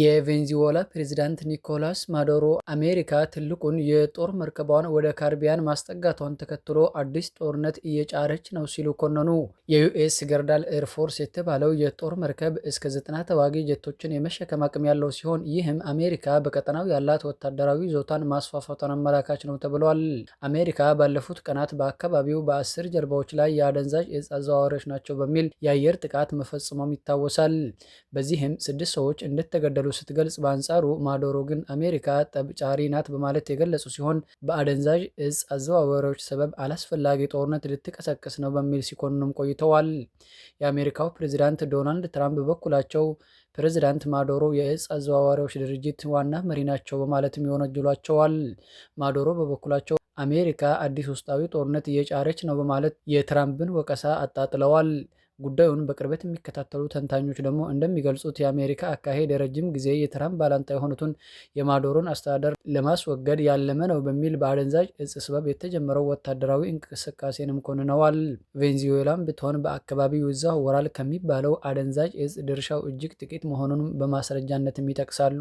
የቬንዙዌላ ፕሬዚዳንት ኒኮላስ ማዶሮ አሜሪካ ትልቁን የጦር መርከቧን ወደ ካርቢያን ማስጠጋቷን ተከትሎ አዲስ ጦርነት እየጫረች ነው ሲሉ ኮነኑ። የዩኤስ ገርዳል ኤርፎርስ የተባለው የጦር መርከብ እስከ ዘጠና ተዋጊ ጀቶችን የመሸከም አቅም ያለው ሲሆን ይህም አሜሪካ በቀጠናው ያላት ወታደራዊ ይዞታን ማስፋፋቷን አመላካች ነው ተብሏል። አሜሪካ ባለፉት ቀናት በአካባቢው በአስር ጀልባዎች ላይ የአደንዛዥ እጽ አዘዋዋሪዎች ናቸው በሚል የአየር ጥቃት መፈጸሟም ይታወሳል። በዚህም ስድስት ሰዎች እንደተገ እንደተገደሉ ስትገልጽ፣ በአንጻሩ ማዶሮ ግን አሜሪካ ጠብጫሪ ናት በማለት የገለጹ ሲሆን በአደንዛዥ እጽ አዘዋዋሪዎች ሰበብ አላስፈላጊ ጦርነት ልትቀሰቅስ ነው በሚል ሲኮንኑም ቆይተዋል። የአሜሪካው ፕሬዚዳንት ዶናልድ ትራምፕ በበኩላቸው ፕሬዚዳንት ማዶሮ የእጽ አዘዋዋሪዎች ድርጅት ዋና መሪ ናቸው በማለትም ይወነጅሏቸዋል። ማዶሮ በበኩላቸው አሜሪካ አዲስ ውስጣዊ ጦርነት እየጫረች ነው በማለት የትራምፕን ወቀሳ አጣጥለዋል። ጉዳዩን በቅርበት የሚከታተሉ ተንታኞች ደግሞ እንደሚገልጹት የአሜሪካ አካሄድ የረጅም ጊዜ የትራምፕ ባላንጣ የሆኑትን የማዶሮን አስተዳደር ለማስወገድ ያለመ ነው በሚል በአደንዛዥ እጽ ስበብ የተጀመረው ወታደራዊ እንቅስቃሴንም ኮንነዋል። ቬንዙዌላም ብትሆን በአካባቢው ወራል ከሚባለው አደንዛዥ እጽ ድርሻው እጅግ ጥቂት መሆኑንም በማስረጃነትም ይጠቅሳሉ።